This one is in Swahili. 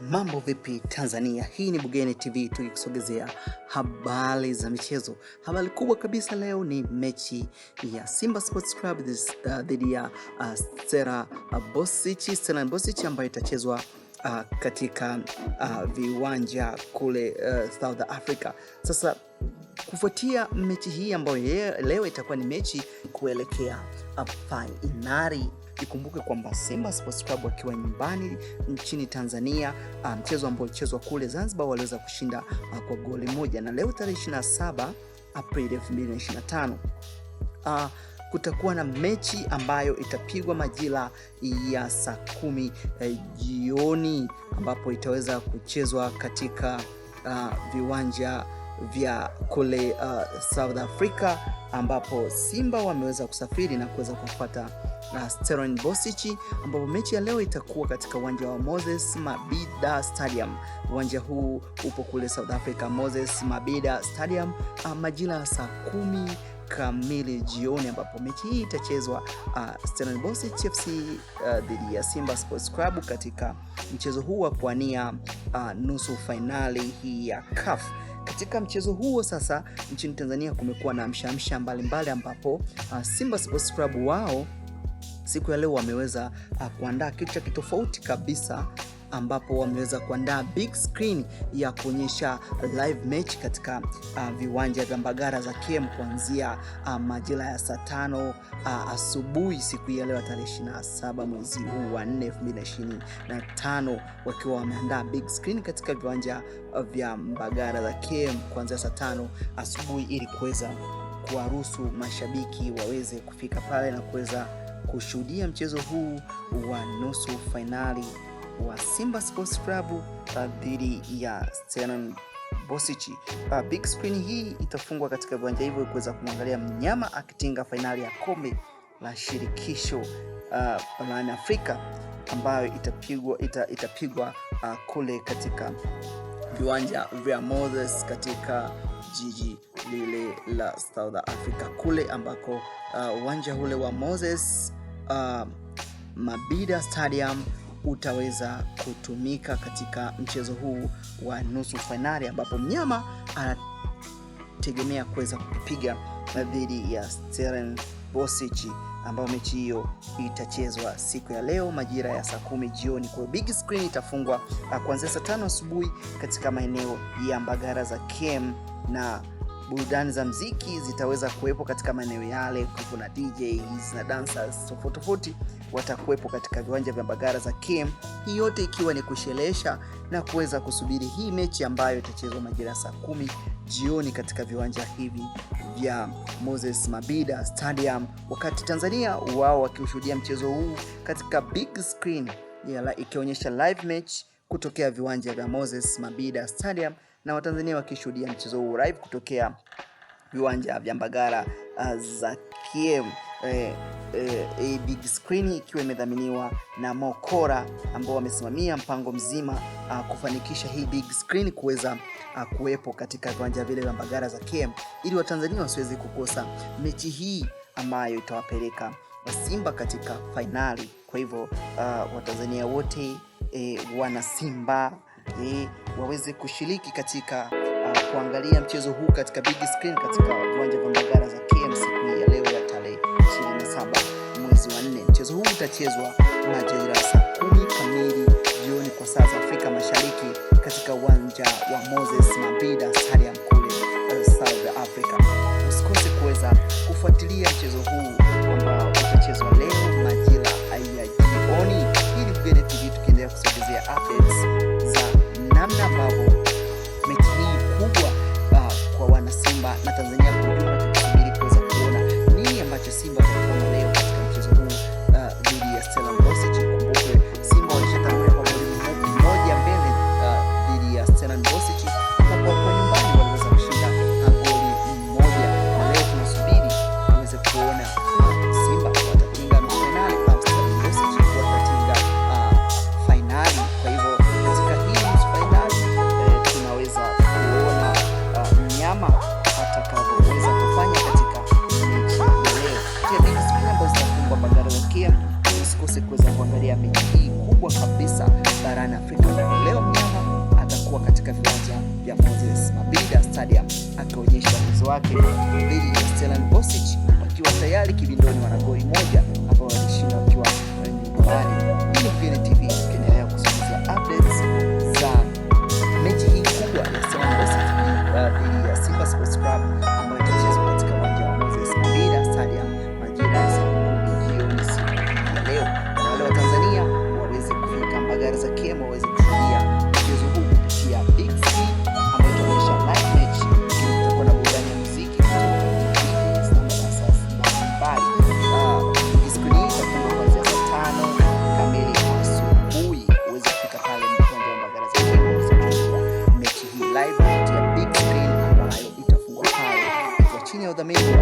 Mambo vipi Tanzania? Hii ni Bugene TV tukikusogezea habari za michezo. Habari kubwa kabisa leo ni mechi ya Simba Sports Club uh, dhidi uh, ya uh, Stella ambayo itachezwa uh, katika uh, viwanja kule uh, South Africa. Sasa kufuatia mechi hii ambayo leo itakuwa ni mechi kuelekea fainari Ikumbuke kwamba Simba Sports Club wakiwa nyumbani nchini Tanzania, ah, mchezo ambao ulichezwa kule Zanzibar waliweza kushinda ah, kwa goli moja, na leo tarehe 27 Aprili 2025 uh, ah, kutakuwa na mechi ambayo itapigwa majira ya saa kumi eh, jioni ambapo itaweza kuchezwa katika uh, viwanja vya kule uh, South Africa ambapo Simba wameweza kusafiri na kuweza kufuata na uh, Stellenbosch ambapo mechi ya leo itakuwa katika uwanja wa Moses mabida Stadium. Uwanja huu upo kule South Africa, Moses Mabida Stadium, uh, majira ya saa kumi kamili jioni, ambapo mechi hii itachezwa uh, Stellenbosch FC uh, dhidi uh, ya Simba Sports Club katika mchezo huu wa kuania uh, nusu fainali hii ya CAF. Katika mchezo huo sasa, nchini Tanzania kumekuwa na mshamsha mbalimbali, ambapo uh, Simba Sports Club wao siku ya leo wameweza uh, kuandaa kitu cha kitofauti kabisa ambapo wameweza kuandaa big screen ya kuonyesha live match katika uh, viwanja vya Mbagara za KM kuanzia uh, majira ya saa tano uh, asubuhi siku ya leo tarehe 27 mwezi huu wa 4 2025, wakiwa wameandaa big screen katika viwanja uh, vya Mbagara za KM kuanzia saa tano asubuhi ili kuweza kuwaruhusu mashabiki waweze kufika pale na kuweza kushuhudia mchezo huu wa nusu fainali wa Simba Sports Club uh, dhidi ya Stellenbosch. Uh, big screen hii itafungwa katika viwanja hivyo kuweza kumwangalia mnyama akitinga fainali ya kombe la shirikisho uh, barani uh, Afrika ambayo itapigwa, ita, itapigwa uh, kule katika viwanja vya Moses katika jiji lile la South Africa kule ambako uwanja uh, ule wa Moses uh, Mabida Stadium utaweza kutumika katika mchezo huu wa nusu fainali, ambapo mnyama anategemea kuweza kupiga dhidi ya bosich ambayo mechi hiyo itachezwa siku ya leo majira ya saa kumi jioni. Kwa big screen itafungwa ah, kuanzia saa tano asubuhi katika maeneo ya Mbagara za KM na burudani za mziki zitaweza kuwepo katika maeneo yale. Kuna DJs na dancers tofauti tofauti watakuwepo katika viwanja vya bagara za KM. Hii yote ikiwa ni kushelesha na kuweza kusubiri hii mechi ambayo itachezwa majira saa kumi jioni katika viwanja hivi vya Moses Mabida Stadium, wakati Tanzania wao wakiushuhudia mchezo huu katika big screen ikionyesha live match kutokea viwanja vya Moses Mabida Stadium na Watanzania wakishuhudia mchezo huu live kutokea viwanja vya uh, za Kiem eh, eh, eh, big screen ikiwa imedhaminiwa na Mokora ambao wamesimamia mpango mzima uh, kufanikisha hii big screen kuweza uh, kuwepo katika viwanja vile vya mbagara za Kiem ili Watanzania wasiweze kukosa mechi hii ambayo itawapeleka Simba katika fainali. Kwa hivyo uh, Watanzania wote eh, wana Simba e, waweze kushiriki katika uh, kuangalia mchezo huu katika big screen katika viwanja vya Mbagala za KMC siku ya leo ya tarehe 27 mwezi wa 4. Mchezo huu utachezwa majira saa 10 kamili jioni kwa saa za Afrika Mashariki katika uwanja wa Moses Mabhida Stadium kule South Africa. Usikose kuweza kufuatilia mchezo huu ambao utachezwa leo majira ya jioni, ili tukiendelea kusogezea updates Zanzibar na ya miji hii kubwa kabisa barani Afrika. Na leo mnyama atakuwa katika viwanja vya Moses Mabhida Stadium akionyesha uwezo wake dhidi ya Stellenbosch wakiwa tayari kibindoni, wana goli moja ambao walishinda wakiwa nyumbani. gari za kemo waweze kufikia mchezo huu kupitia Big C ambayo itaonyesha live match, lakini kutakuwa na burudani ya muziki mbalimbali. Ah, siku hii itakuwa kuanzia saa tano kamili asubuhi, uweze kufika pale uwanja wa Mbagala za kemo uweze kushuhudia mechi hii live ya big screen ambayo itafungwa pale kwa chini ya udhamini